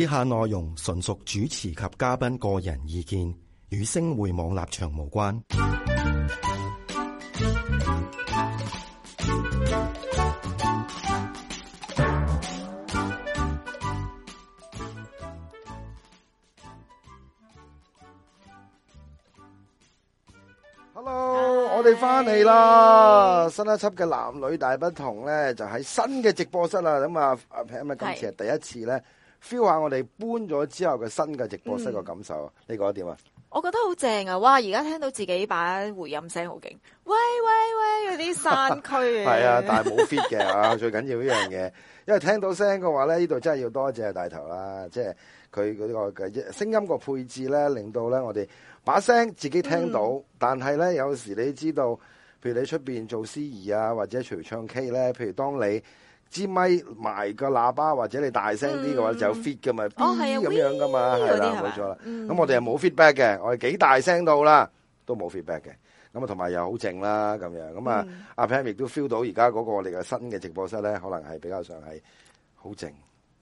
以下內容純屬主持及嘉賓個人意見，與星匯網立場無關。Hello，Hi. 我哋翻嚟啦！新一輯嘅男女大不同咧，就喺新嘅直播室啊！咁啊，咁咪今次係第一次咧。feel 下我哋搬咗之後嘅新嘅直播室個感受，嗯、你覺得點啊？我覺得好正啊！哇，而家聽到自己把回音聲好勁，喂喂喂，嗰啲山區係 啊，但係冇 fit 嘅啊，最緊要呢樣嘢，因為聽到聲嘅話咧，呢度真係要多謝大頭啦，即係佢嗰啲個嘅聲音個配置咧，令到咧我哋把聲自己聽到，嗯、但係咧有時你知道，譬如你出邊做司儀啊，或者隨唱 K 咧，譬如當你，支咪埋個喇叭或者你大聲啲嘅話就有 fit 嘅嘛，係咁樣嘅嘛，係啦冇錯啦。咁我哋係冇 feedback 嘅，我哋幾大聲到啦，都冇 feedback 嘅。咁啊同埋又好靜啦咁樣。咁啊阿 Pam 都 feel 到而家嗰個我哋嘅新嘅直播室咧，可能係比較上係好靜。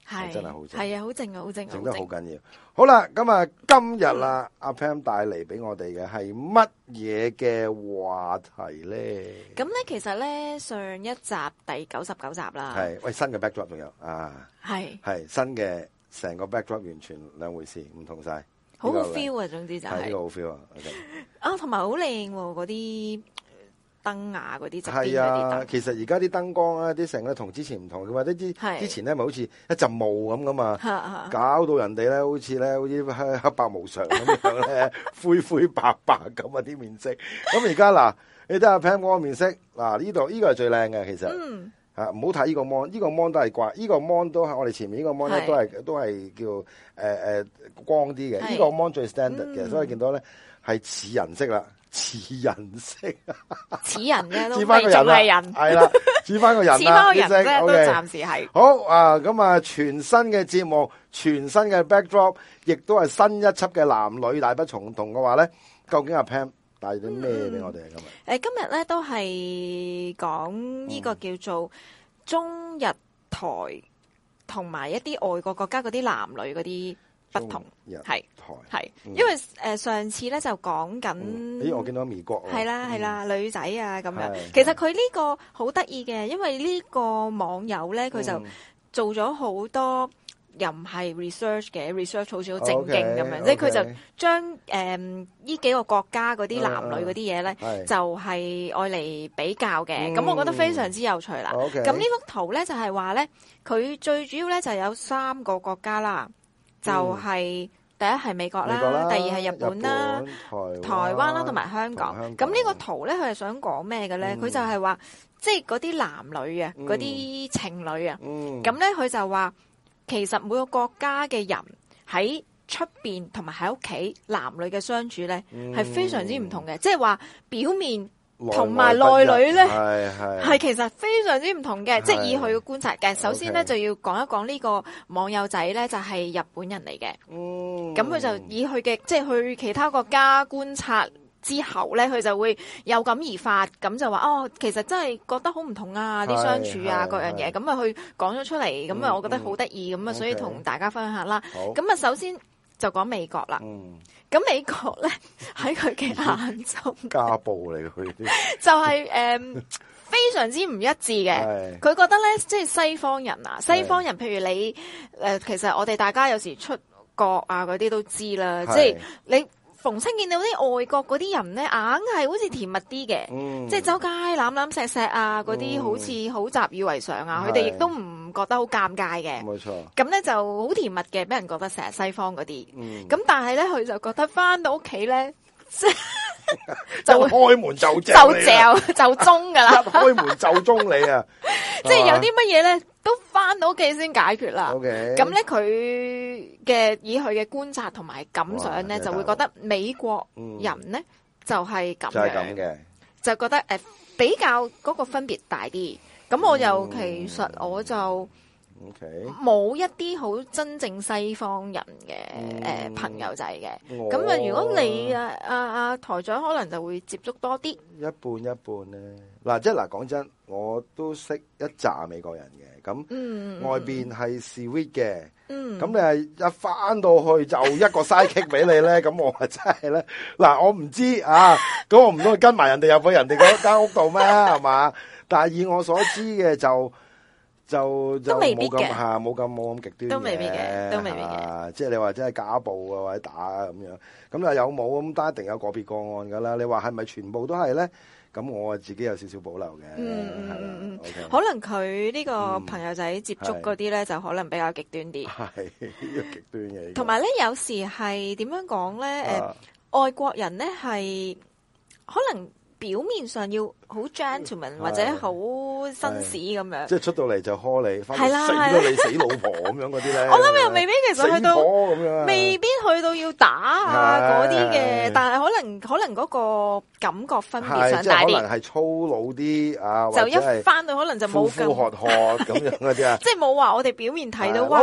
係是真係好正，係啊，好正啊，好正啊，整得好緊要。好啦，咁啊，今日啊，嗯、阿 Pam 帶嚟俾我哋嘅係乜嘢嘅話題咧？咁咧，其實咧上一集第九十九集啦，係喂新嘅 backdrop 仲有啊，係係是新嘅成個 backdrop 完全兩回事，唔同晒，好好 feel 啊，是是總之就係、是、呢個好 feel 啊、okay、啊同埋好靚喎，嗰啲、啊。燈啊，嗰啲就係啊，其實而家啲燈光啊，啲成日同之前唔同噶嘛，啲啲之前咧咪好似一陣霧咁噶嘛，搞是到人哋咧好似咧好似黑白無常咁樣咧， 灰灰白白咁啊啲面色。咁而家嗱，你睇下 Pan 哥嘅面色，嗱呢度呢個係最靚嘅，其實吓唔好睇呢個 mon，呢、這個 mon 都係掛，呢、嗯、個 mon 都係我哋前面呢個 mon 咧是 都係都係叫誒誒、呃呃、光啲嘅，呢是 個 mon 最 standard 嘅，嗯、所以見到咧係似人色啦。似人色啊！似人嘅，都似翻個人啦，係啦，似 翻個人，似翻個人啫，聲都暫時係、okay. 好啊！咁啊，全新嘅節目，全新嘅 backdrop，亦都係新一輯嘅男女大不相同嘅話咧，究竟阿 Pam 帶啲咩俾我哋咁啊？誒、嗯，今日咧都係講呢個叫做中日台同埋一啲外國國家嗰啲男女嗰啲。不同，係台係，因為誒上次咧就講緊，咦我見到美國係啦係啦女仔啊咁樣，其實佢呢個好得意嘅，因為呢個網友咧佢就做咗好多又唔係 research 嘅 research，好似好正經咁樣，即係佢就將誒呢幾個國家嗰啲男女嗰啲嘢咧，就係愛嚟比較嘅，咁我覺得非常之有趣啦。咁呢幅圖咧就係話咧，佢最主要咧就有三個國家啦。嗯、就係第一係美國啦，國啦第二係日本啦，本台、灣台灣啦，同埋香港。咁呢個圖咧，佢係想講咩嘅咧？佢、嗯、就係話，即係嗰啲男女啊，嗰啲、嗯、情侶啊，咁咧佢就話，其實每個國家嘅人喺出面同埋喺屋企男女嘅相處咧，係、嗯、非常之唔同嘅，即係話表面。同埋內裏咧，係其實非常之唔同嘅，即係以佢嘅觀察嘅。首先咧就要講一講呢個網友仔咧就係日本人嚟嘅。咁佢就以佢嘅即係去其他國家觀察之後咧，佢就會有感而發，咁就話哦，其實真係覺得好唔同啊，啲相處啊，各樣嘢，咁啊佢講咗出嚟，咁啊我覺得好得意，咁啊所以同大家分享下啦。咁啊首先，就講美國啦，咁、嗯、美國咧喺佢嘅眼中，家暴嚟佢啲，就係誒非常之唔一致嘅。佢覺得咧，即係西方人啊，西方人，是譬如你、呃、其實我哋大家有時出國啊嗰啲都知啦，即係是你。逢親見到啲外國嗰啲人咧，硬係好似甜蜜啲嘅，嗯、即係走街攬攬錫錫啊，嗰啲、嗯、好似好習以為常啊，佢哋亦都唔覺得好尷尬嘅。冇錯，咁咧就好甜蜜嘅，俾人覺得成日西方嗰啲。咁、嗯、但係咧，佢就覺得返到屋企咧。 就 開門就就就就中噶啦！一開門就中你啊！即係有啲乜嘢咧，都返到屋企先解決啦。咁咧，佢嘅以佢嘅觀察同埋感想咧，就會覺得美國人咧就係咁樣嘅，就覺得誒比較嗰個分別大啲。咁我又其實我就。冇 Okay, 一啲好真正西方人嘅、嗯、朋友仔嘅，咁啊、哦、如果你啊啊啊台長可能就會接觸多啲，一半一半咧、啊。嗱、啊，即係嗱講真，我都識一紮美國人嘅，咁、嗯嗯、外面係 sweet 嘅，咁、嗯、你係一返到去就一個 sidekick 俾你咧，咁我話真係咧，嗱我唔知啊，咁我唔通、啊、跟埋人哋入去人哋嗰間屋度咩？係嘛？ 但係以我所知嘅就。就，就沒那麼都未必嘅，嚇，冇咁冇咁極端嘅，即係、就是、你話真係家暴啊或者打咁樣，咁啊有冇咁？都一定有個別個案㗎啦。你話係咪全部都係咧？咁我啊自己有少少保留嘅。嗯嗯嗯嗯可能佢呢個朋友仔接觸嗰啲咧，嗯、就可能比較極端啲。係，極端嘅、這個。同埋咧，有時係點樣講咧？誒、啊呃，外國人咧係可能表面上要，好 gentleman 或者好紳士咁樣，即係出到嚟就呵你，翻嚟你死老婆咁樣嗰啲咧。我諗又未必，其實去到咁樣，未必去到要打啊嗰啲嘅。但係可能可能嗰個感覺分別上大啲。係可能係粗魯啲啊，就一翻到可能就冇咁。學學咁樣嗰啲啊，即係冇話我哋表面睇到哇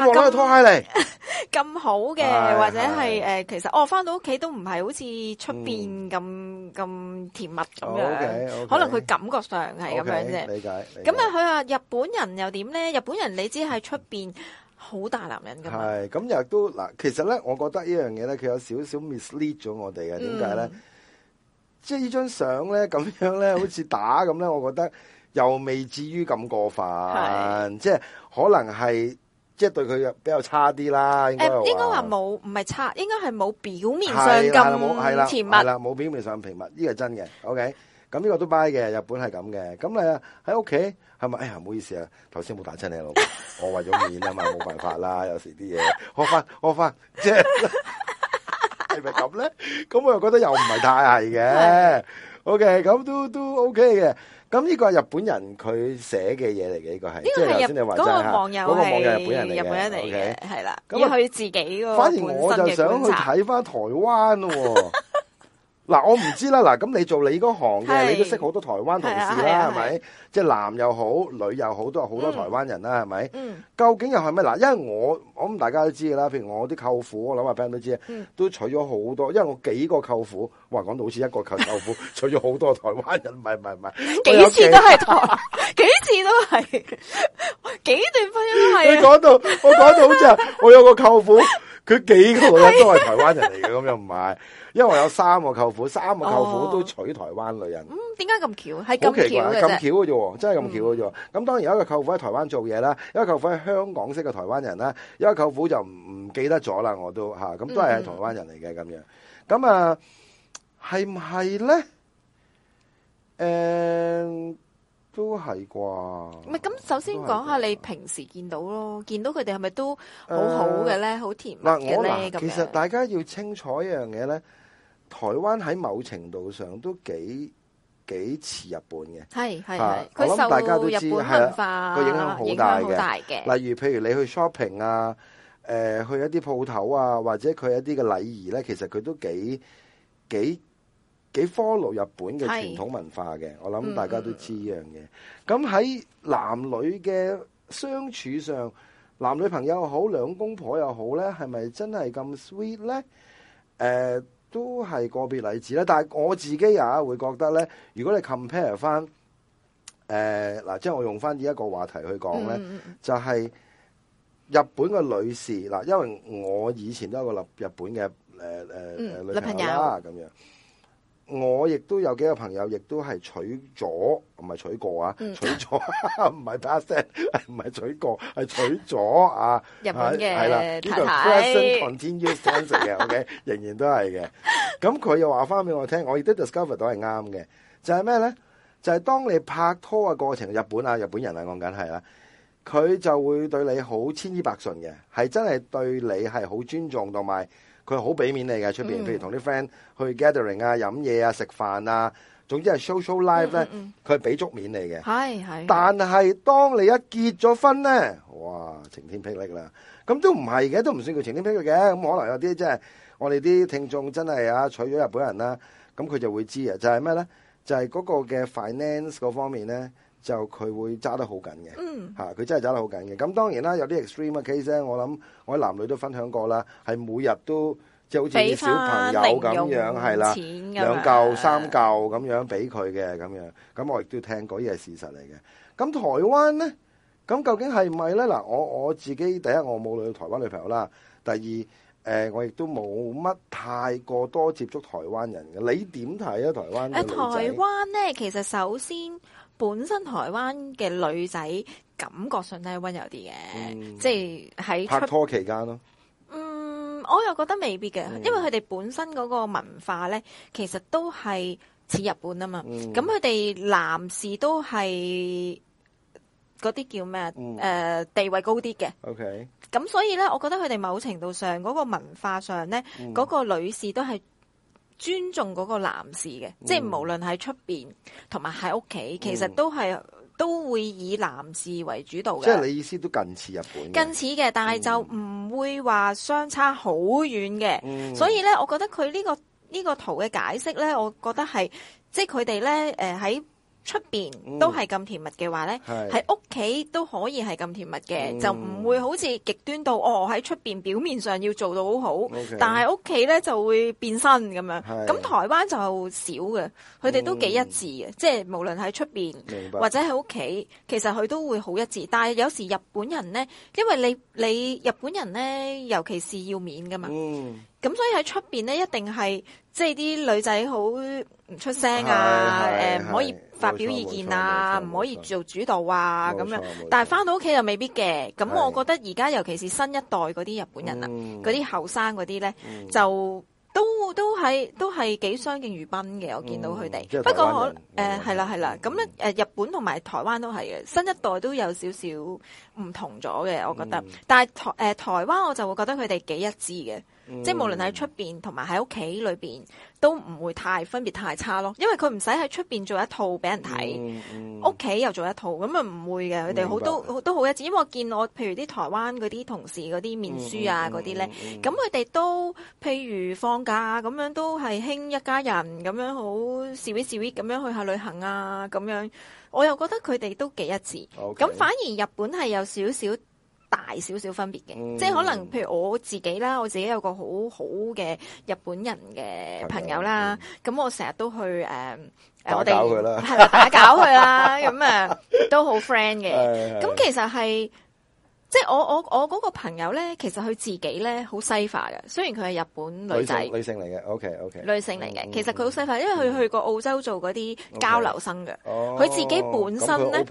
咁好嘅，或者係誒，其實哦翻到屋企都唔係好似出邊咁咁甜蜜咁樣嘅。可能。佢感覺上係咁樣啫，咁啊、okay，理解，佢話日本人又點咧？日本人你知係出面好大男人噶嘛？係咁，又都嗱，其實咧，我覺得呢，點點呢、嗯、呢樣嘢咧，佢有少少 mislead 咗我哋嘅。點解咧？即係呢張相咧，咁樣咧，好似打咁咧， 我覺得又未至於咁過分，是即係可能係即係對佢比較差啲啦。誒，應該話冇，唔係差，應該係冇表面上咁甜蜜，係啦，冇蜜表面上甜蜜，呢、這個真嘅。OK。咁呢個都 buy 嘅，日本係咁嘅。咁你啊喺屋企係咪？哎呀，唔好意思啊，頭先冇打親你老婆，我為咗面啊嘛，冇辦法啦。有時啲嘢學翻學翻，即係係咪咁咧？咁我又覺得又唔係太係嘅。OK，咁都都 OK 嘅。咁呢個係日本人佢寫嘅嘢嚟嘅，呢個係。呢個係日嗰個網友係日本人嚟嘅，係啦。咁佢自己嘅。反而我就想去睇翻台灣喎。嗱，我唔知啦。嗱，咁你做你嗰行嘅，是你都識好多台灣同事啦，係咪，啊？啊啊、吧即係男又好，女又好，都有好多台灣人啦，係咪？究竟又係咩？嗱，因為我，我諗大家都知噶啦。譬如我啲舅父，我諗話畀人都知啊，嗯、都娶咗好多。因為我幾個舅父，哇，講到好似一個舅舅父 娶咗好多台灣人，唔係唔係唔係，幾次都係台， 幾次都係，幾段婚姻都係。你講到，我講到好似 我有個舅父。佢幾個人都係台灣人嚟嘅，咁又唔係，因為我有三個舅父，三個舅父都娶台灣女人。嗯，點解咁巧？係咁巧嘅啫。好奇怪，咁巧嘅啫，真係咁巧嘅啫。咁當然有一個舅父喺台灣做嘢啦，一個舅父喺香港識嘅台灣人啦，一個舅父就唔唔記得咗啦，我都嚇，咁都係台灣人嚟嘅咁樣。咁啊，係唔係咧？誒。都係啩。唔係咁，首先講下你平時見到咯，是見到佢哋係咪都好好嘅咧，好、呃、甜蜜嘅咧，咁其實大家要清楚一樣嘢咧，台灣喺某程度上都幾幾似日本嘅。係係係。佢受日本文化個影響好大嘅。大嘅例如譬如你去 shopping 啊，誒、呃、去一啲鋪頭啊，或者佢一啲嘅禮儀咧，其實佢都幾幾。幾 follow 日本嘅傳統文化嘅，是嗯、我諗大家都知一樣嘢。咁喺男女嘅相處上，男女朋友又好，兩公婆又好咧，係咪真係咁 sweet 咧？誒、呃，都係個別例子啦。但係我自己啊，會覺得咧，如果你 compare 翻誒嗱、呃，即係我用翻呢一個話題去講咧，嗯、就係日本嘅女士嗱，因為我以前都有個立日本嘅誒誒女朋友啦，咁朋樣。我亦都有幾個朋友，亦都係娶咗唔係娶過啊，嗯、娶咗唔係 pass it 唔係娶過係娶咗啊。日本嘅係啦，呢個太太 pre、okay? sent continues 嘅，OK，仍然都係嘅。咁佢又話翻俾我聽，我亦都 discover 到係啱嘅，就係咩咧？就係、是、當你拍拖嘅過程，日本啊，日本人啊，講緊係啦，佢就會對你好千依百順嘅，係真係對你係好尊重同埋。佢好俾面你嘅出面，嗯、譬如同啲 friend 去 gathering 啊、飲嘢啊、食飯啊，總之係 social life 咧，佢係俾足面你嘅。嗯嗯嗯，但係當你一結咗婚咧，哇！晴天霹靂啦！咁都唔係嘅，都唔算叫晴天霹靂嘅。咁可能有啲即係我哋啲聽眾真係啊娶咗日本人啦、啊，咁佢就會知啊，就係咩咧？就係、是、嗰個嘅 finance 嗰方面咧。就佢會揸得好緊嘅，嚇佢真係揸得好緊嘅。咁當然啦，有啲 extreme case 咧，我諗我喺男女都分享過啦，係每日都即係好似小朋友咁樣，係啦，兩嚿三嚿咁樣俾佢嘅咁樣。咁我亦都聽過，呢係事實嚟嘅。咁台灣咧，咁究竟係唔係咧？嗱，我我自己第一我冇女台灣女朋友啦，第二誒我亦都冇乜太過多接觸台灣人嘅。你點睇啊，台灣嘅女仔？誒台灣咧，其實首先。本身台灣嘅女仔感覺上都係温柔啲嘅，嗯、即係喺拍拖期間咯。嗯，我又覺得未必嘅，嗯、因為佢哋本身嗰個文化咧，其實都係似日本啊嘛。咁佢哋男士都係嗰啲叫咩？誒、嗯呃、地位高啲嘅。OK。咁所以咧，我覺得佢哋某程度上嗰、嗰個文化上咧，嗰、嗯、個女士都係。尊重嗰個男士嘅，即係無論喺出邊同埋喺屋企，嗯嗯、其實都係都會以男士為主導嘅。即係你意思都近似日本嘅。近似嘅，但係就唔會話相差好遠嘅。嗯嗯、所以咧，我覺得佢呢、呢個呢、呢個圖嘅解釋咧，我覺得係即係佢哋咧誒喺，呃在出面都係咁甜蜜嘅話咧，喺屋企都可以係咁甜蜜嘅，嗯、就唔會好似極端到哦。喺出邊表面上要做到好好，okay，但係屋企咧就會變身咁樣。咁是台灣就少嘅，佢哋都幾一致嘅，即係、嗯、無論喺出邊或者喺屋企，其實佢都會好一致。但係有時日本人咧，因為你你日本人咧，尤其是要面嘅嘛，咁、嗯、所以喺出邊咧一定係即係啲女仔好唔出聲啊，誒唔、呃、可以。發表意見啊，唔可以做主導啊，咁樣。但係翻到屋企又未必嘅。咁我覺得而家尤其是新一代嗰啲日本人啊，嗰啲後生嗰啲咧，就都都係都係幾相敬如賓嘅。我見到佢哋。不過我誒係啦係啦，咁咧誒日本同埋台灣都係嘅，新一代都有少少唔同咗嘅。我覺得，但係台誒台灣我就會覺得佢哋幾一致嘅。即係無論喺出邊同埋喺屋企裏邊都唔會太分別太差咯，因為佢唔使喺出邊做一套俾人睇，屋企、嗯嗯、又做一套，咁啊唔會嘅。佢哋好多明白都好一致，因為我見我譬如啲台灣嗰啲同事嗰啲面書啊嗰啲咧，咁佢哋都譬如放假咁樣都係興一家人咁樣好 sweet sweet 咁樣去下旅行啊咁樣，我又覺得佢哋都幾一致，咁明白反而日本係有少少。大少少分別嘅，嗯、即係可能，譬如我自己啦，我自己有個好好嘅日本人嘅朋友啦，咁我成日都去誒，我、呃、哋打攪佢啦，咁啊，都好 friend 嘅。咁的其實係。即係我我我嗰個朋友咧，其實佢自己咧好西化嘅，雖然佢係日本女仔，女性嚟嘅。O K O K，女性嚟嘅。其實佢好西化，因為佢去過澳洲做嗰啲交流生嘅。佢自己本身咧，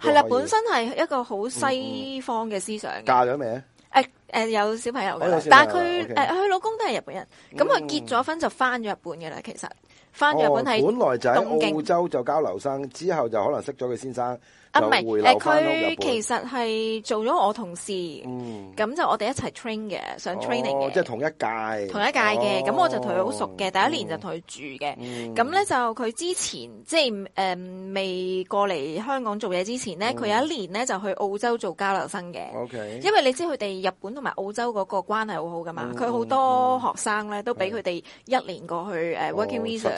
係啦，本身係一個好西方嘅思想。嫁咗未啊？誒誒，有小朋友嘅，但係佢誒佢老公都係日本人。咁佢結咗婚就翻咗日本嘅啦。其實翻咗日本係本來就喺澳洲做交流生，之後就可能識咗佢先生。唔係誒佢其實係做咗我同事，咁就我哋一齊 train 嘅，想 training 嘅，即係同一屆，同一屆嘅。咁我就同佢好熟嘅，第一年就同佢住嘅。咁咧就佢之前即係誒未過嚟香港做嘢之前咧，佢有一年咧就去澳洲做交流生嘅。OK 因為你知佢哋日本同埋澳洲嗰個關係好好噶嘛，佢好多學生咧都俾佢哋一年過去誒 working visa，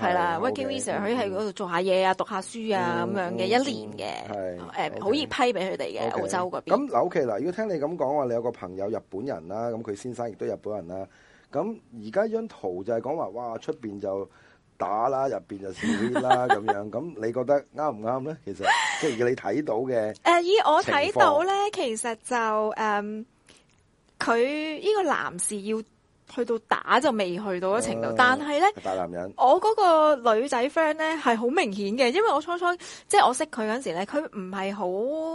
係啦 working visa，佢喺嗰度做下嘢啊，讀下書啊咁樣嘅一年。嘅，誒好易批俾佢哋嘅歐洲嗰邊。咁嗱，O K 嗱，如果聽你咁講話，你有個朋友日本人啦，咁佢先生亦都日本人啦。咁而家張圖就係講話，哇出邊就打啦，入邊就少啲啦，咁樣。咁你覺得啱唔啱咧？其實即係如果你睇到嘅。誒，以我睇到咧，其實就誒，佢呢個男士要。去到打就未去到嗰程度，oh, 但係咧，大男人，我嗰個女仔 friend 咧係好明顯嘅，因為我初初即係、就是、我識佢嗰陣時咧，佢唔係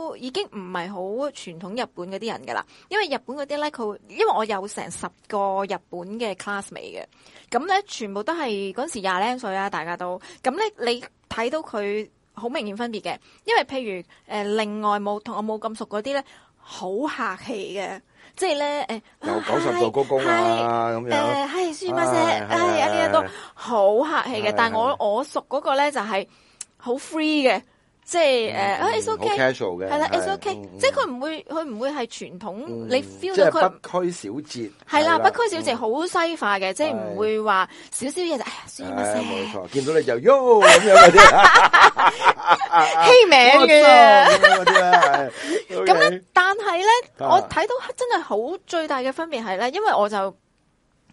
好，已經唔係好傳統日本嗰啲人㗎啦。因為日本嗰啲咧，佢因為我有成十個日本嘅 classmate 嘅，咁咧全部都係嗰陣時廿零歲啊，大家都咁咧，你睇到佢好明顯分別嘅。因為譬如誒、呃、另外冇同我冇咁熟嗰啲咧，好客氣嘅。即係咧，有九十度鞠躬啦，咁樣、uh，誒，係舒媽姐，係阿呢人都好客氣嘅，hey, hey, hey, hey, 但係我 hey, hey. 我熟嗰個咧就係好 free 嘅。即係誒，It's OK，係啦，It's OK，即係佢唔會，佢唔會係傳統，你 feel 到佢即係不拘小節。係啦，不拘小節好西化嘅，即係唔會話少少嘢就哎呀，冇錯，見到你就喐咁樣嗰啲，起名嘅嗰啲咁咧，但係咧，我睇到真係好最大嘅分別係咧，因為我就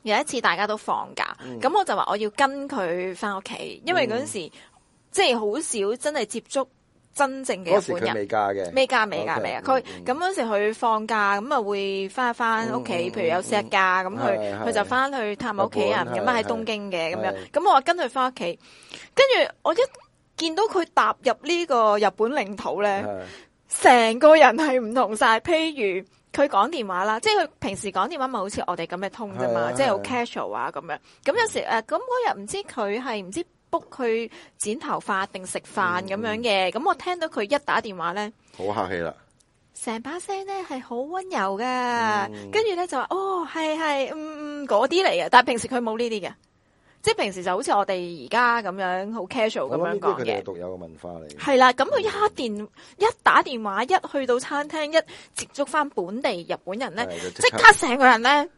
有一次大家都放假，咁我就話我要跟佢翻屋企，因為嗰陣時即係好少真係接觸。真正嘅日本人，未嫁未嫁未啊！佢咁嗰時佢放假咁啊，會翻一翻屋企。譬如有 set 假咁，佢佢就翻去探屋企人。咁啊喺東京嘅咁樣，咁我話跟佢翻屋企。跟住我一見到佢踏入呢個日本領土咧，成個人係唔同晒。譬如佢講電話啦，即係佢平時講電話咪好似我哋咁嘅通啫嘛，即係好 casual 啊咁樣。咁有時誒，咁嗰日唔知佢係唔知。book 佢剪頭髮定食飯咁樣嘅，咁我聽到佢一打電話咧，好客氣啦，成把聲咧係好温柔嘅，跟住咧就話哦係係嗯嗰啲嚟嘅。但係平時佢冇呢啲嘅，即係平時就好似我哋而家咁樣好 casual 咁樣講嘅，係啦，咁佢一電一打電話一去到餐廳一接觸翻本地日本人咧，即刻成個人咧。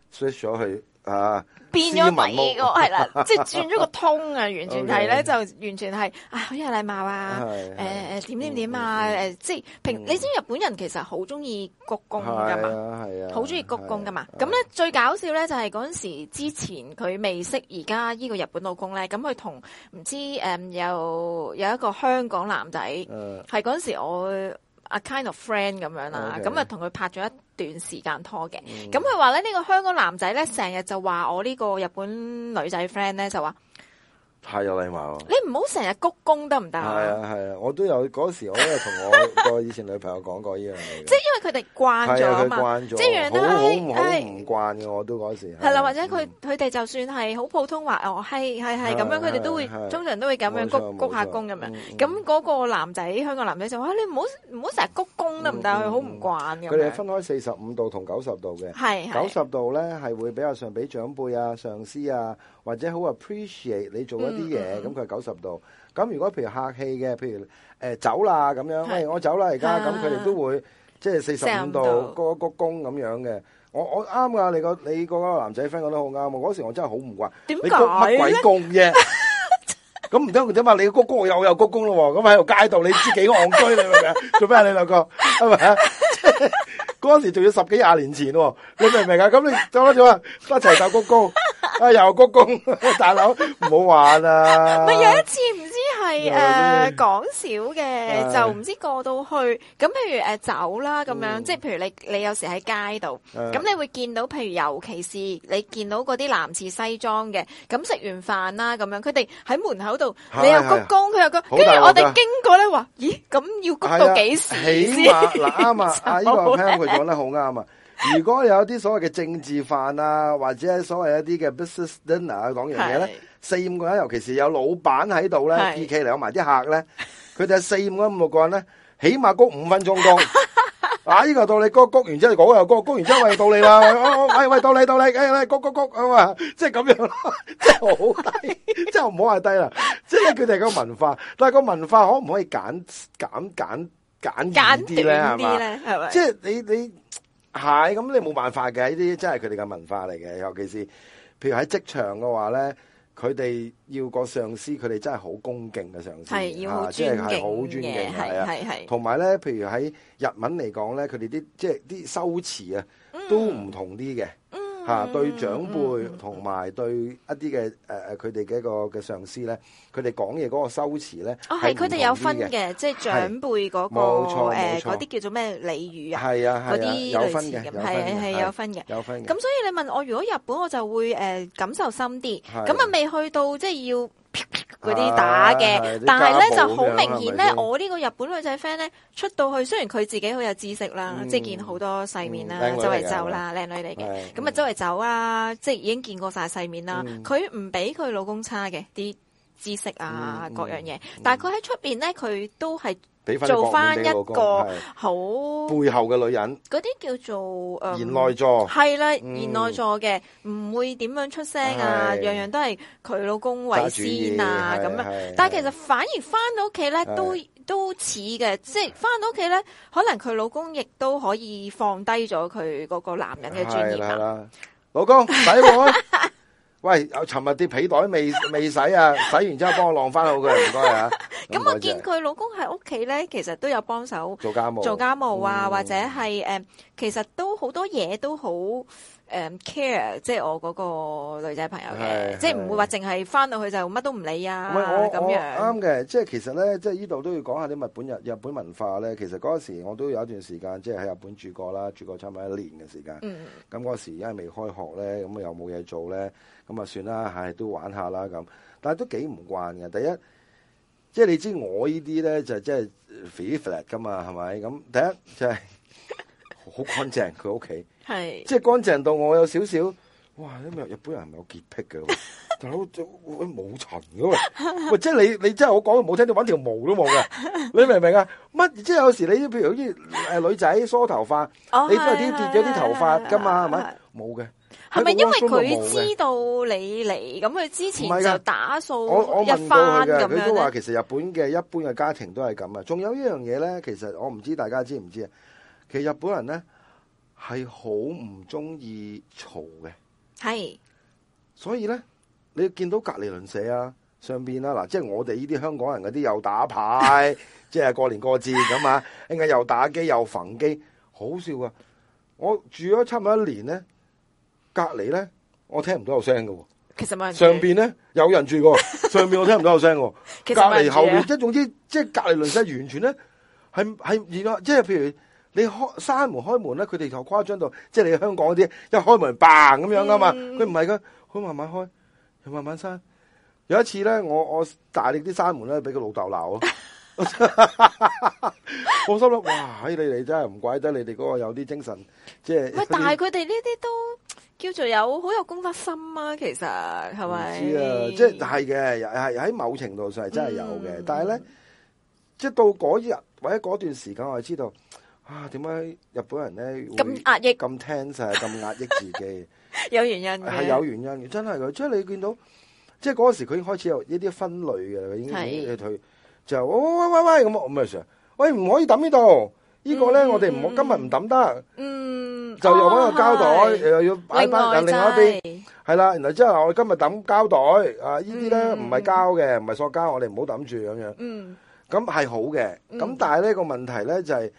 啊！變咗第二個係啦，即係轉咗個 tone 啊！完全係咧，就完全係啊！好有禮貌啊！誒誒，點點點啊！誒，即係平，你知日本人其實好中意鞠躬噶嘛？係啊，好中意鞠躬噶嘛？咁咧最搞笑咧就係嗰陣時，之前佢未識而家呢個日本老公咧，咁佢同唔知誒有，有一個香港男仔，係嗰陣時我啊 kind of friend 咁樣啦，咁啊同佢拍咗一。短時間拖嘅，咁佢話咧呢個香港男仔咧，成日就話我呢個日本女仔 friend 咧就話。太有禮貌喎！你唔好成日鞠躬得唔得啊？係啊係啊！我都有嗰時，我都有同我個以前女朋友講過呢樣嘢。即係因為佢哋慣咗嘛，即係原來係誒都唔慣嘅，我都嗰時係啦。或者佢佢哋就算係好普通話哦，係係係咁樣，佢哋都會通常都會咁樣鞠鞠下躬咁樣。咁嗰個男仔，香港男仔就話：你唔好唔好成日鞠躬得唔得？佢好唔慣咁樣。佢哋分開四十五度同九十度嘅，係係九十度咧係會比較上俾長輩啊、上司啊。或者好 appreciate 你做一啲嘢，咁佢係九十度。咁如果譬如客氣嘅，譬如誒走啦咁樣，喂我走啦而家，咁佢哋都會即係四十五度，鞠鞠躬咁樣嘅。我我啱噶，你個你嗰個男仔 friend 講得好啱喎。嗰時我真係好唔慣，你鞠乜鬼躬嘅？咁唔通點嘛？你鞠躬我又鞠躬咯喎？咁喺度街道，你知幾戇居？你明唔明？做咩啊？你兩個係咪啊？嗰時仲要十幾廿年前，你明唔明啊？咁你做咩做啊？一齊鬥鞠躬。啊 又鞠躬，大佬唔好玩啦！咪有一次唔知係誒講笑嘅，就唔知過到去咁，譬如誒走啦咁樣，即係譬如你你有時喺街度，咁的你會見到，譬如尤其是你見到嗰啲男士西裝嘅，咁食完飯啦咁樣，佢哋喺門口度，你又鞠躬，佢又的鞠，跟住我哋經過咧，話咦咁要鞠到幾時先啱 啊！阿佢講得好啱啊！如果有啲所謂嘅政治犯啊，或者係所謂一啲嘅 business dinner 啊是，講嘢咧，四五個人，尤其是有老闆喺度咧，二 k 嚟，有埋啲客咧，佢哋係四五個五六個人咧，起碼鞠五分鐘躬。哈哈哈哈啊，呢、這個道理鞠，鞠完之後、那個、又鞠，鞠完之後哈哈哈哈、哎、喂，道理啦，喂喂，道理道理，嚟鞠鞠鞠鞠啊，即係咁樣，即係好低，即係唔好話低啦。即係佢哋個文化，但係個文化可唔可以簡簡簡簡呢簡啲咧？係咪？即係你你。你係，咁你冇辦法嘅，呢啲真係佢哋嘅文化嚟嘅，尤其是，譬如喺職場嘅話咧，佢哋要個上司，佢哋真係好恭敬嘅上司，係要即係好尊敬嘅，係係同埋咧，譬如喺日文嚟講咧，佢哋啲即係啲修辭啊，嗯、都唔同啲嘅。嗯嚇，對長輩同埋對一啲嘅誒佢哋嘅一個嘅上司咧，佢哋講嘢嗰個修辭咧，係唔同啲嘅。哦，係佢哋有分嘅，即係長輩嗰、嗰個誒嗰啲叫做咩禮語啊？係啊係啲有分嘅，係係有分嘅。有分嘅。咁、啊、所以你問我，如果日本我就會誒、呃、感受深啲，咁啊未去到即係要。嗰啲打嘅，但係咧就好明顯咧，我呢個日本女仔 friend 咧出到去，雖然佢自己好有知識啦，即係見好多世面啦，周圍走啦，靚女嚟嘅。咁啊周圍走啊，即係已經見過晒世面啦。佢唔俾佢老公差嘅啲知識啊，各樣嘢，但係佢喺出面咧，佢都係。做翻一個好背後嘅女人，嗰啲叫做誒，賢內助係啦，賢內助嘅唔會點樣出聲啊，是的樣樣都係佢老公為先啊，咁樣。但係其實反而翻到屋企咧，都都似嘅，即係翻到屋企咧，可能佢老公亦都可以放低咗佢嗰個男人嘅尊嚴啊，老公洗碗。 喂，有尋日啲被袋未未洗啊！ 洗完之後幫我晾翻好佢，唔該啊，咁我見佢老公喺屋企咧，其實都有幫手做家務、啊、做家務啊，嗯、或者係其實都好多嘢都好。誒、um，care 即係我嗰個女仔朋友嘅，即係唔會話淨係翻到去就乜都唔理啊，咁樣。啱嘅，即係其實咧，即係呢度都要講下啲日本日日本文化咧。其實嗰時我都有一段時間即係喺日本住過啦，住過差唔多一年嘅時間。咁嗰、嗯嗯、時因為未開學咧，咁又冇嘢做咧，咁啊算啦，唉，都玩下啦咁。但係都幾唔慣嘅。第一，即係你知我這些呢啲咧就即係 very flat 噶嘛，係咪？咁第一即係好乾淨佢屋企。就是 很係，是即係乾淨到我有少少，哇！因為日本人係咪 有潔癖嘅大佬， 即冇塵嘅，喂，即係你你真係我講都冇聽到，你揾條毛都冇嘅，你明唔明啊？乜即係有時你譬如好似誒女仔梳頭髮， 你都係啲跌咗啲頭髮噶嘛，係咪冇嘅？係咪因為佢知道你嚟咁？佢之前就打掃一番咁樣咧。佢都話其實日本嘅一般嘅家庭都係咁啊。仲有一呢樣嘢咧，其實我唔知大家知唔知啊？其實日本人咧，係好唔中意嘈嘅，係是的 所以咧，你見到隔離鄰舍啊，上邊啦、啊，嗱，即係我哋呢啲香港人嗰啲又打牌，即係 過年過節咁啊，應該 又打機又焚機？好笑噶，啊！我住咗差唔多一年咧，隔離咧，我聽唔到有聲噶，啊。其實咪上邊咧有人住噶，上邊我聽唔到有聲喎。 隔離後面， 總之即係隔離鄰舍，完全咧係係而家，即係、就是、譬如。你開閂門開門咧，佢哋就誇張到，即係你香港啲一,一開門嘭，咁樣噶嘛？佢唔係噶，佢慢慢開，又慢慢閂。有一次咧，我我大力啲閂門咧，俾個老豆鬧我， 我心諗哇，喺你哋真係唔怪得你哋嗰個有啲精神，即係。喂，但係佢哋呢啲都叫做有好有功德心啊，其實係咪？知啊，即係係嘅，係喺某程度上係真係有嘅。嗯、但係咧，即係到嗰日或者嗰段時間，我係知道。啊，點解日本人咧咁壓抑、咁 tense、咁壓抑自己？有原因係有原因嘅，真係嘅。即係你見到，即係嗰時佢已經開始有一啲分類嘅，已經佢就喂喂喂咁啊，咩事？喂，唔可以抌呢度，呢個咧我哋唔，今日唔抌得。嗯，就用一個膠袋，又要擺翻。另外一邊係啦，然後之後我哋今日抌膠袋啊，呢啲咧唔係膠嘅，唔係塑膠，我哋唔好抌住咁樣。嗯，咁係好嘅，咁但係呢個問題咧就係。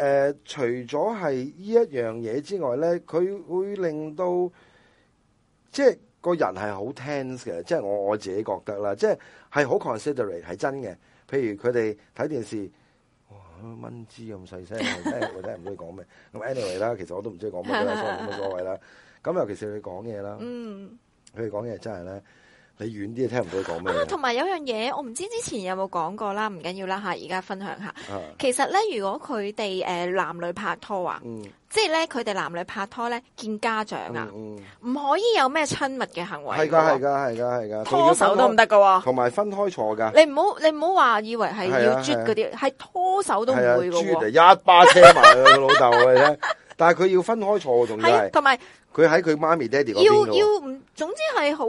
誒、呃，除咗係呢一樣嘢之外咧，佢會令到即係個人係好 tense 嘅，即係我我自己覺得啦，即係係好 considerate，係真嘅。譬如佢哋睇電視，哇，蚊子咁細聲的，我真係唔知講咩。咁 anyway 啦，其實我都唔知講乜啦， 所以冇所謂啦。咁尤其是佢哋講嘢啦，嗯，佢哋講嘢真係咧，你遠啲聽唔到講咩？啊，同埋有樣嘢，我唔知之前有冇講過啦，唔緊要啦嚇，而家分享下。其實咧，如果佢哋誒男女拍拖啊，即係咧佢哋男女拍拖咧見家長啊，唔可以有咩親密嘅行為。係㗎，係㗎，係㗎，係㗎，拖手都唔得㗎喎。同埋分開坐㗎。你唔好你唔好話以為係要啜嗰啲，係拖手都唔會喎。一巴車埋老豆嘅，但係佢要分開坐，仲要同埋佢喺佢媽咪爹哋嗰邊要要唔，總之係好。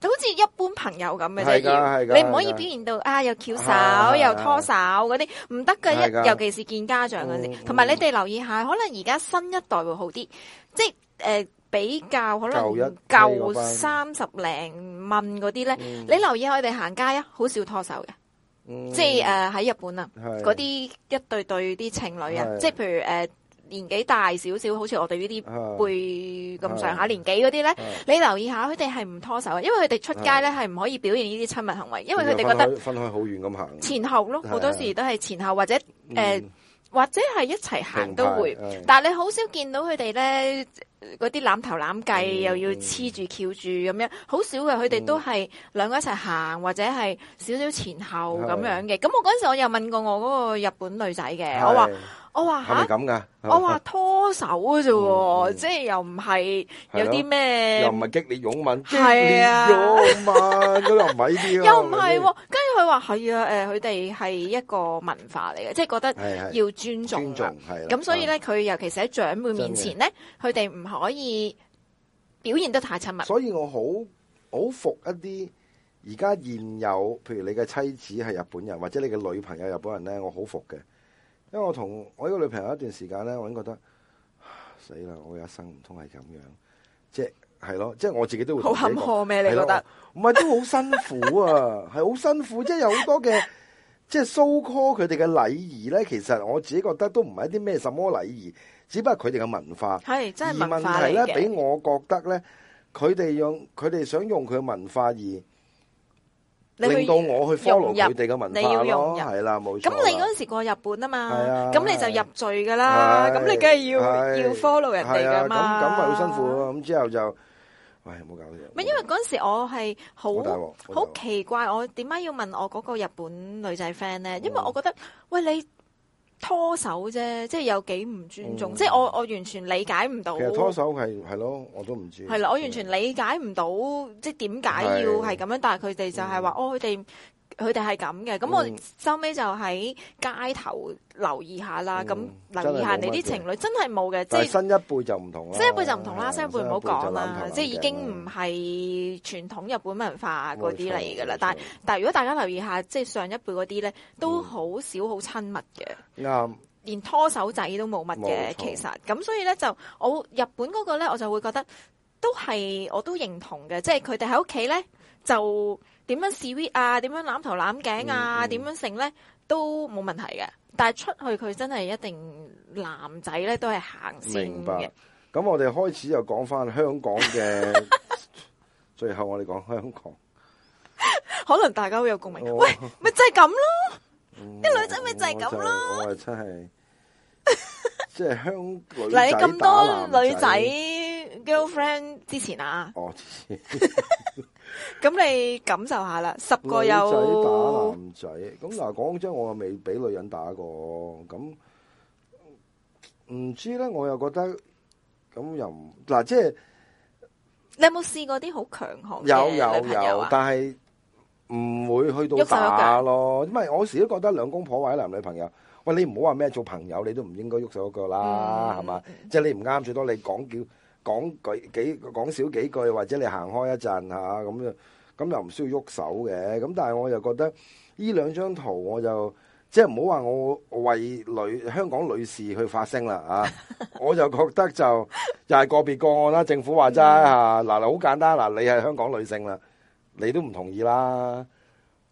就好似一般朋友咁嘅啫，你唔可以表現到啊，又翹手又拖手嗰啲唔得㗎。一，尤其是見家長嗰啲。同埋你哋留意下，可能而家新一代會好啲，即係誒比較可能夠三十零蚊嗰啲咧。你留意下佢哋行街啊，好少拖手嘅，即係誒喺日本啊，嗰啲一對對啲情侶啊，即係譬如誒。年紀大少少，好似我哋呢啲輩咁上下年紀嗰啲咧，你留意下佢哋係唔拖手嘅，因為佢哋出街咧係唔可以表現呢啲親密行為，因為佢哋覺得分開好遠咁行。前後咯，好多時都係前後或者誒，對嗯嗯、或者係一齊行都會，啊、但你好少見到佢哋咧嗰啲攬頭攬髻，又要黐住翹住咁、嗯嗯、樣，好少嘅。佢哋都係兩個一齊行、嗯、或者係少少前後咁樣嘅。咁對我嗰陣時我又問過我嗰個日本女仔嘅，我話。我話吓，我話拖手啫，即係又唔係有啲咩，又唔係激烈擁吻，係啊，擁吻都唔係啲又唔係，跟住佢話係啊，誒，佢哋係一個文化嚟嘅，即係覺得要尊重，尊重係，咁所以咧，佢尤其是喺長輩面前咧，佢哋唔可以表現得太親密。所以我好好服一啲而家現有，譬如你嘅妻子係日本人，或者你嘅女朋友日本人咧，我好服嘅。因為我同我呢個女朋友一段時間咧，我已經覺得死啦！我一生唔通係咁樣，即係咯，即係我自己都會好坎坷咩？你覺得唔係 都好辛苦啊？係好 辛苦，即係有好多嘅，即係 so call 佢哋嘅禮儀咧。其實我自己覺得都唔係一啲咩什麼禮儀，只不過佢哋嘅文化係真係文化嚟嘅。而問題咧，俾我覺得咧，佢哋用佢哋想用佢嘅文化而，令到我去 follow 佢哋嘅文化咯，係啦冇錯。咁你嗰陣時過日本啊嘛，咁你就入罪㗎啦，咁你梗係要要 follow 人哋㗎嘛。係啊，咁咁咪好辛苦咯。咁之後就，喂，冇搞呢啲。唔係因為嗰陣時我係好好奇怪，我點解要問我嗰個日本女仔 friend 咧？因為我覺得，喂你。拖手啫，即係有幾唔尊重，嗯、即係我我完全理解唔到。其實拖手係係咯，我都唔知。係啦，我完全理解唔到，係、即係點解要係咁樣？係、但係佢哋就係話，嗯、哦，佢哋。佢哋係咁嘅，咁我收尾就喺街頭留意下啦。咁、嗯、留意下你啲情侶、嗯，真係冇嘅，即係、就是、新一輩就唔同啦。新一輩就唔同啦，啊、新一輩唔好講啦，即係已經唔係傳統日本文化嗰啲嚟噶啦。但係但係，如果大家留意下，即係上一輩嗰啲咧，都好少好親密嘅。啱、嗯，連拖手仔都冇乜嘅，錯其實咁，那所以咧就我日本嗰個咧，我就會覺得都係我都認同嘅，即係佢哋喺屋企咧就。點樣 sweet 啊？點樣攬頭攬頸啊？點、嗯嗯、樣成咧都冇問題嘅。但係出去佢真係一定男仔咧都係行先。明白。咁我哋開始又講翻香港嘅， 最後我哋講香港。可能大家會有共鳴。哦、喂，咪就係咁咯，啲、嗯、女仔咪就係咁咯。真係，即係、就是就是、香港。嗱， 你咁多女仔 girlfriend 之前啊？哦。之前！ 咁你感受下啦，十個有。男仔打男仔，咁嗱講真，我又未俾女人打過，咁唔知咧，我又覺得咁又唔嗱，即係你有冇試過啲好強悍嘅女朋友啊？但係唔會去到打咯，咁咪我有時都覺得兩公婆或者男女朋友，喂你唔好話咩做朋友，你都唔應該喐手喐腳啦，係嘛？即係你唔啱，最多你講叫。講幾講少幾句，或者你行開一陣吓咁樣，咁又唔需要喐手嘅。咁但係我又覺得呢兩張圖，我就即係唔好話我為女香港女士去發聲啦啊！我就覺得就又係個別個案啦。政府話齋吓嗱嗱，好簡單嗱，你係香港女性啦，你都唔同意啦。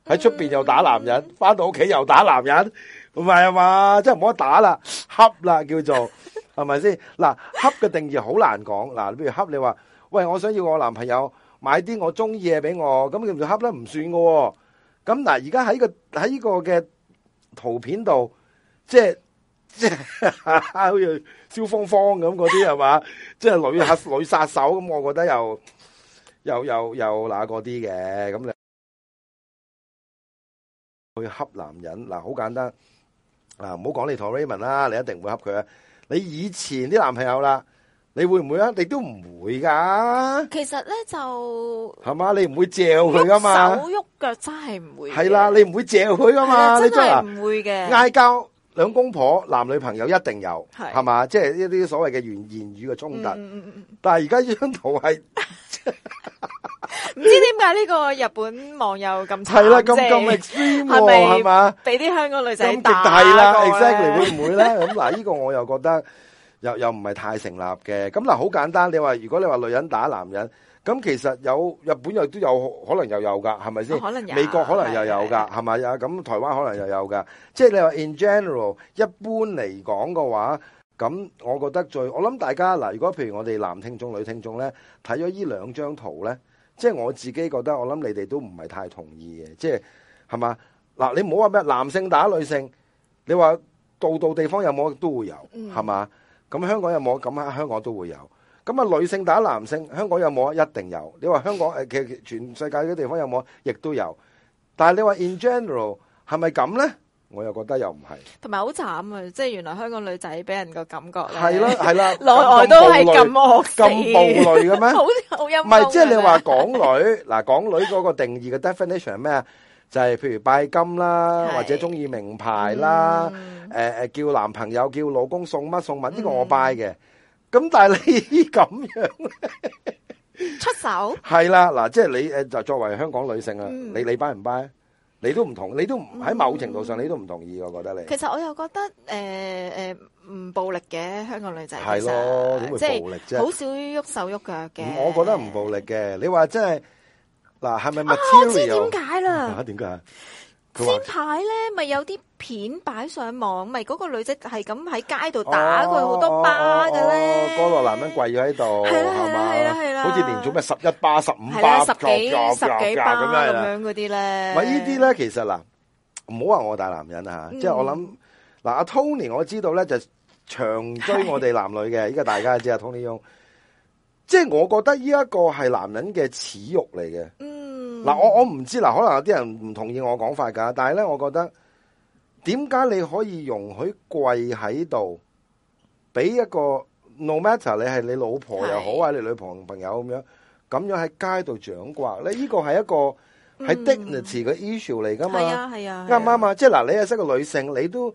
喺出邊又打男人，翻到屋企又打男人，唔係啊嘛？即係唔好打啦，恰啦叫做。係咪先？嗱，恰嘅定義好難講。嗱，比如恰你話，喂，我想要我男朋友買啲我中意嘅俾我，咁你唔恰得唔算嘅、哦。咁嗱，而家喺個喺依個嘅圖片度，即係即係好似蕭芳芳咁嗰啲係？嘛即係、就是、女俠女殺手咁，我覺得又又又又那個啲嘅咁你去恰男人嗱，好簡單。嗱，唔好講你同 Raymond 啦，你一定會恰佢啊！你以前啲男朋友啦，你會唔會啊？你都唔會噶。其實咧就係嘛，你唔會嚼佢噶嘛。喐手喐腳真係唔會。係啦，你唔會嚼佢噶嘛？你真係唔會嘅。嗌交，兩公婆、男女朋友一定有，係嘛？即係是、就是、一啲所謂嘅原言語嘅衝突。嗯、但係而家呢張圖係。 唔知點解呢個日本網友咁慘啦，咁咁 extreme 係咪係咪俾啲香港女仔咁勁大啦？Exactly 會唔會咧？咁嗱，呢個我又覺得又又唔係太成立嘅。咁嗱，好簡單，你話如果你話女人打男人，咁其實有日本又都有可能又有噶，係咪先？可能美國可能又有噶，係咪啊？咁台灣可能又有噶。即係你話 in general 一般嚟講嘅話，咁我覺得最我諗大家嗱，如果譬如我哋男聽眾、女聽眾咧睇咗呢兩張圖咧。即係我自己覺得，我諗你哋都唔係太同意嘅，即係係嘛嗱，你唔好話咩男性打女性，你話度度地方有冇都會有係嘛？咁香港有冇咁啊？香港都會有。咁啊女性打男性，香港有冇？一定有。你話香港誒，其實全世界嘅地方有冇亦都有，但係你話 in general 係咪咁咧？我又覺得又唔係，同埋好慘啊！即係原來香港女仔俾人個感覺係，係啦係啦，內外都係咁惡，咁暴女嘅咩？唔係，即係你話港女嗱，港女嗰個定義嘅 definition 係咩啊？就係譬如拜金啦，或者中意名牌啦，誒誒，叫男朋友叫老公送乜送物，呢個我拜嘅。咁但係你咁樣出手，係啦嗱，即係你誒，就作為香港女性啊，你你拜唔拜？你都唔同，你都唔，喺某程度上、嗯、你都唔同意，我覺得你。其實我又覺得誒誒唔暴力嘅香港女仔，係咯，點會暴力？啫，好少喐手喐腳嘅。我覺得唔暴力嘅，你話真係嗱，係咪 material？我知點解啦？嚇？點解、啊？先排咧，咪有啲片擺上網，咪嗰個女仔係咁喺街度打佢好多巴嘅咧。嗰、哦哦哦哦嗰個男人跪咗喺度，係啦係啦係啦，好似連續咩十一巴、十五巴、的十幾、十幾巴咁樣咁嗰啲咧。唔係呢啲咧，其實嗱，唔好話我大男人、嗯、啊，即係我諗嗱，阿 Tony 我知道咧，就是、長追我哋男女嘅，依家的大家知阿、啊、Tony 用，即、就、係、是、我覺得呢一個係男人嘅恥辱嚟嘅。嗯嗱、嗯，我我唔知嗱，可能有啲人唔同意我講法噶，但係咧，我覺得點解你可以容許跪喺度，俾一個 no matter 你係你老婆又好啊，你女朋友朋友咁樣咁樣喺街度掌摑咧？呢個係一個係 dignity 嘅 issue 嚟噶嘛？係啊，係啊啱唔啱啊？即係嗱，你係一個女性，你都。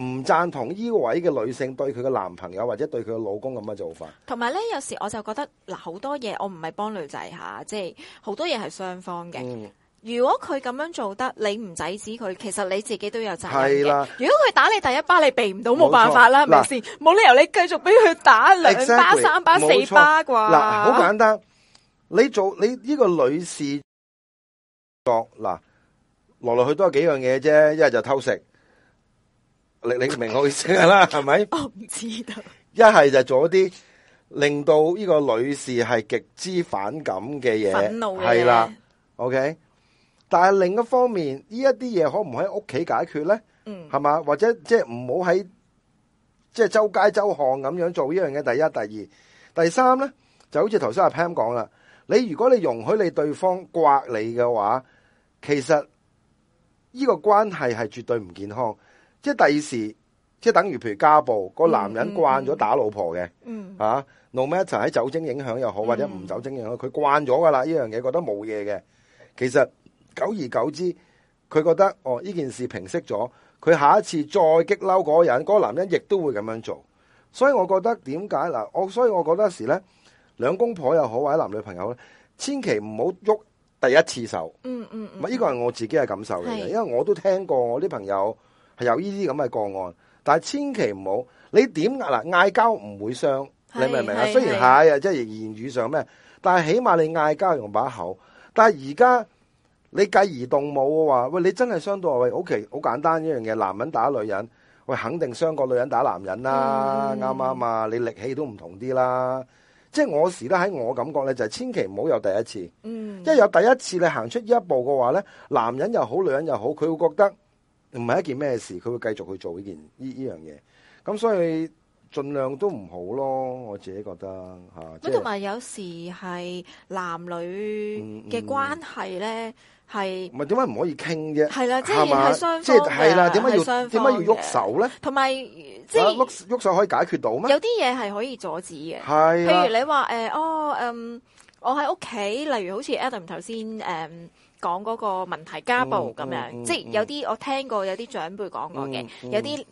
唔贊同呢位嘅女性對佢嘅男朋友或者對佢嘅老公咁嘅做法。同埋咧，有時我就覺得嗱，好多嘢我唔係幫女仔吓，即係好多嘢係雙方嘅。嗯、如果佢咁樣做得，你唔制止佢，其實你自己都有責任。係對啦，如果佢打你第一巴，你避唔到冇辦法啦，係咪先？冇是啦 理由你繼續俾佢打兩巴，exactly，三巴，錯四巴啩？嗱，好簡單，你做你呢個女士覺嗱，落落去都幾樣嘢啫，一係就偷食。你你明我意思㗎啦，係咪？我唔知道。一係就做一啲令到呢個女士係極之反感嘅嘢，係啦。OK。但係另一方面，呢一啲嘢可唔可以喺屋企解決咧？嗯，係嘛？或者即係唔好喺即係周街周巷咁樣做呢樣嘢。第一、第二、第三咧，就好似頭先阿 Pam 講啦。你如果你容許你對方刮你嘅話，其實呢個關係係絕對唔健康。即第二時，即係等於譬如家暴，個男人慣咗打老婆嘅，吓 no matter 喺酒精影響又好，或者唔酒精影響，佢慣咗噶啦呢樣嘢，覺得冇嘢嘅。其實久而久之，佢覺得哦呢件事平息咗，佢下一次再激嬲嗰個人，嗰、嗰個男人亦都會咁樣做。所以我覺得點解嗱，我所以我覺得時咧，兩公婆又好或者男女朋友咧，千祈唔好喐第一次手。嗯嗯，呢、嗯嗯、個係我自己嘅感受嚟嘅，是因為我都聽過我啲朋友。係有呢啲咁嘅個案，但係千祈唔好你點啊嗱，嗌交唔會傷，你，傷是你明唔明啊？雖然係啊，即係言語上咩，但係起碼你嗌交用把口。但係而家你繼而動武嘅話，喂，你真係傷到喂，OK，好簡單一樣嘢，男人打女人，喂，肯定傷過女人打男人啦，啱啱啊？你力氣都唔同啲啦，即係我時呢，喺我感覺咧就係、是、千祈唔好有第一次，嗯，一有第一次你行出呢一步嘅話咧，男人又好，女人又好，佢會覺得。唔係一件咩事，佢會繼續去做呢件呢呢樣嘢。咁所以盡量都唔好咯，我自己覺得吓，咁同埋有時係男女嘅關係咧，係唔係點解唔可以傾啫？係、就是、啦，即係係雙方，係啦，點解要點解要喐手咧？同埋即係喐喐手可以解決到咩？有啲嘢係可以阻止嘅，係、啊、譬如你話誒、呃，哦，um, 我喺屋企，例如好似 Adam 頭先講嗰個問題家暴咁樣，嗯嗯嗯、即係有啲我聽過有啲長輩講過嘅，嗯嗯、有啲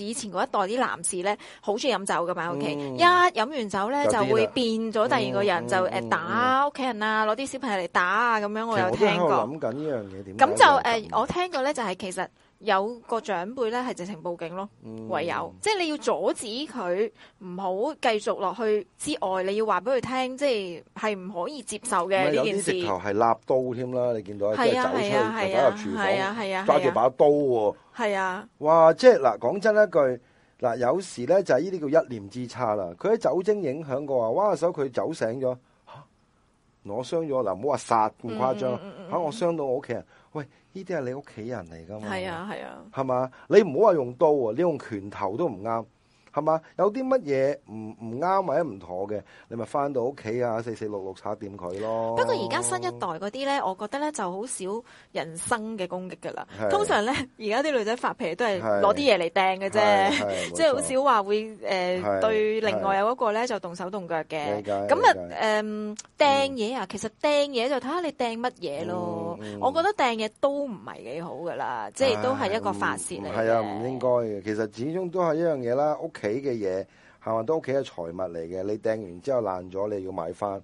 以前嗰一代啲男士咧好中意飲酒嘅嘛，屋企、嗯、一飲完酒咧就，就會變咗第二個人就，就誒、嗯嗯嗯、打屋企人啊，攞啲、嗯嗯、小朋友嚟打啊咁樣，我有聽過。諗緊呢樣嘢點？咁就誒、呃，我聽過咧，就係其實。有個長輩咧係直情報警咯，唯有、嗯、即係你要阻止佢唔好繼續落去之外，你要話俾佢聽，即係係唔可以接受嘅。嗯、件事有啲直頭係攞刀添啦，你見到即係走出去，就走、啊、入廚房，係啊，揸住、啊啊、把刀喎，係啊。啊哇！即係嗱，講真一句，嗱，有時咧就係呢啲叫一念之差啦。佢喺酒精影響個話，哇！手佢酒醒咗，攞、啊、傷咗嗱，唔好話殺咁誇張吓，我傷到我屋企人。喂，呢啲係你屋企人嚟㗎嘛，係啊，係啊，係嘛？你唔好話用刀啊，你用拳頭都唔啱。係嘛？有啲乜嘢唔唔啱或者唔妥嘅，你咪翻到屋企啊，四四六六插掂佢咯。不過而家新一代嗰啲咧，我覺得咧就好少人身嘅攻擊㗎啦。通常咧，而家啲女仔發脾氣都係攞啲嘢嚟掟嘅啫，即係好少話會誒對另外有一個咧就動手動腳嘅。咁啊誒掟嘢啊，其實掟嘢就睇下你掟乜嘢咯。我覺得掟嘢都唔係幾好㗎啦，即係都係一個發泄嚟嘅。係啊，唔應該嘅。其實始終都係一樣嘢啦。屋企嘅嘢，係咪都屋企嘅財物嚟嘅？你訂完之後爛咗，你要買翻。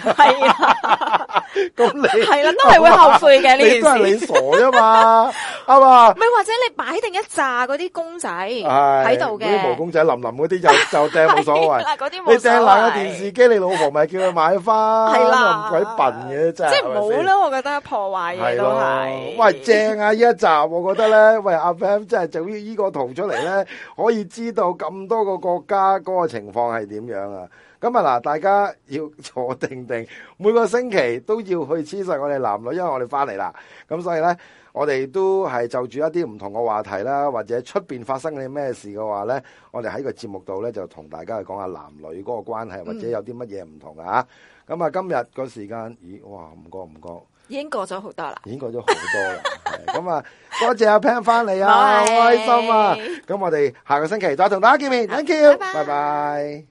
係啊，咁 的 你係啦，都係會後悔嘅，呢啲你都係你傻啫嘛，係嘛 吧？咪或者你擺定一扎嗰啲公仔喺度嘅，啲毛公仔腍腍嗰啲就就掟， 無所謂。嗱，嗰啲你掟爛個電視機，是的你老婆咪叫佢買翻。係啦的，鬼笨嘅真係。即係唔好啦，的我覺得破壞嘢都是是的喂，正啊！呢一集，我覺得咧，喂阿 M 真係整依呢個圖出嚟咧，可以知道咁多個國家嗰個情況係點樣啊！咁啊嗱，大家要坐定定，每個星期都要去黐實我哋男女，因為我哋翻嚟啦。咁所以咧，我哋都係就住一啲唔同嘅話題啦，或者出面發生啲咩事嘅話咧，我哋喺個節目度咧就同大家去講下男女嗰個關係，或者有啲乜嘢唔同呀。咁、嗯、啊，今日個時間，咦，哇，唔覺唔覺，過已經過咗好多啦，已經過咗好多啦。咁啊， 多謝阿 Pan 翻嚟啊，Bye. 好開心啊。咁我哋下個星期再同大家見面 Bye.，thank you，拜拜。